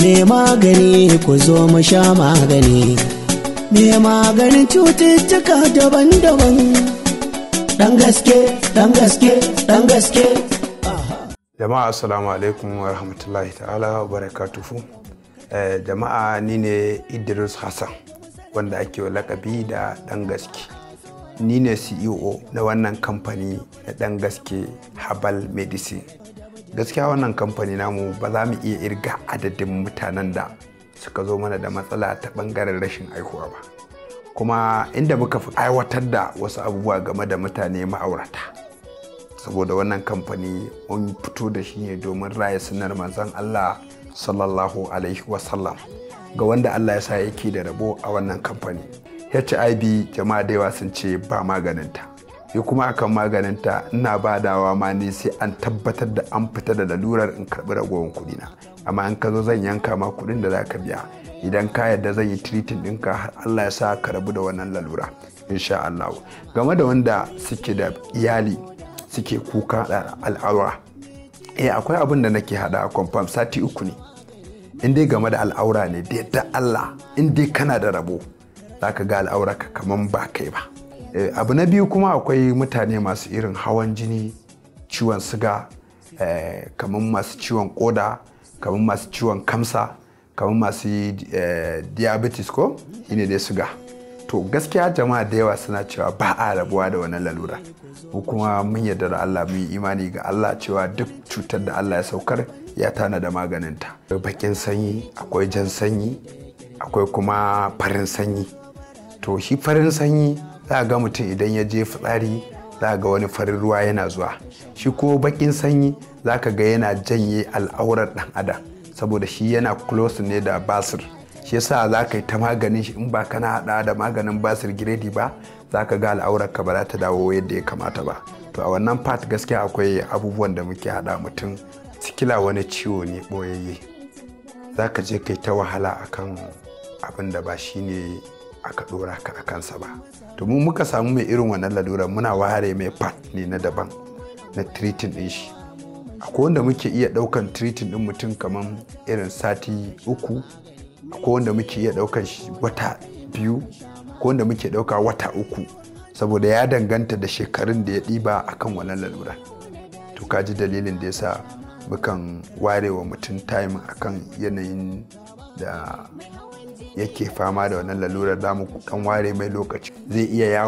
me magani ku zo mu sha magani me maganin cututtuka daban-daban dan gaske dan gaske dan gaske jama'a assalamu alaikum wa rahmatullahi ta'ala wa barakatuhu eh, jama'a ni ne idris hassan wanda ake wa lakabi da dan gaske ni ne ceo na wannan kamfani na dan gaske Habal medicine gaskiya wannan kamfani namu ba za mu iya irga adadin mutanen da suka zo mana da matsala ta bangaren rashin aihuwa ba kuma inda muka fi aiwatar da wasu abubuwa game da mutane ma'aurata saboda wannan kamfani mun fito da shi ne domin raya sunar manzon Allah sallallahu alaihi wasallam ga wanda Allah ya sa yake da rabo a wannan kamfani HIV jama'a da yawa sun ce ba maganinta ya kuma akan maganin ta ina badawa ma ne sai an tabbatar da an fita da lalurar in karbi ragowar kuɗi na amma in ka zo zan yanka ma kuɗin da za ka biya idan ka yarda zan yi tiritin ɗinka har Allah ya sa ka rabu da wannan lalura insha Allah game da wanda suke da iyali suke kuka da al'aura eh akwai abin da nake hada confirm sati uku ne in dai game da al'aura ne da yadda Allah in dai kana da rabo zaka ga al'aura ka kaman ba kai ba Eh, abu na biyu kuma akwai mutane masu irin hawan jini ciwon siga eh, kamar masu ciwon koda kamar masu ciwon kamsa kamar masu eh, diabetes ko ne dai suga to gaskiya jama'a da yawa suna cewa ba a rabuwa da wannan lalura ko kuma mun yarda da Allah mun imani ga Allah cewa duk cutar da Allah ya saukar ya tana da maganinta bakin sanyi akwai jan sanyi akwai kuma farin sanyi to shi farin sanyi za ga mutum idan ya je fitsari za ga wani farin ruwa yana zuwa shi ko bakin sanyi za ka ga yana janye al'aurar ɗan adam saboda shi yana close ne da basir shi yasa za ka yi ta maganin shi in ba kana hada da maganin basir giredi ba za ka ga al'aurar ka ba za ta dawo yadda ya kamata ba to a wannan part gaskiya akwai abubuwan da muke hada mutum sikila wani ciwo ne boyayye za ka je kai ta wahala akan abin da ba shine aka dora ka a kansa ba to mu muka samu mai irin wannan lalura muna ware mai pat ne na daban na treating din shi akwai wanda muke iya daukan treating din mutum kamar irin sati uku akwai wanda muke iya daukan shi wata biyu ko wanda muke dauka wata uku saboda ya danganta da shekarun da ya ɗiba akan wannan lalura to kaji dalilin da yasa mukan ware wa mutum time akan yanayin da yake fama da wannan lalurar damu kan ware mai lokaci zai iya yawo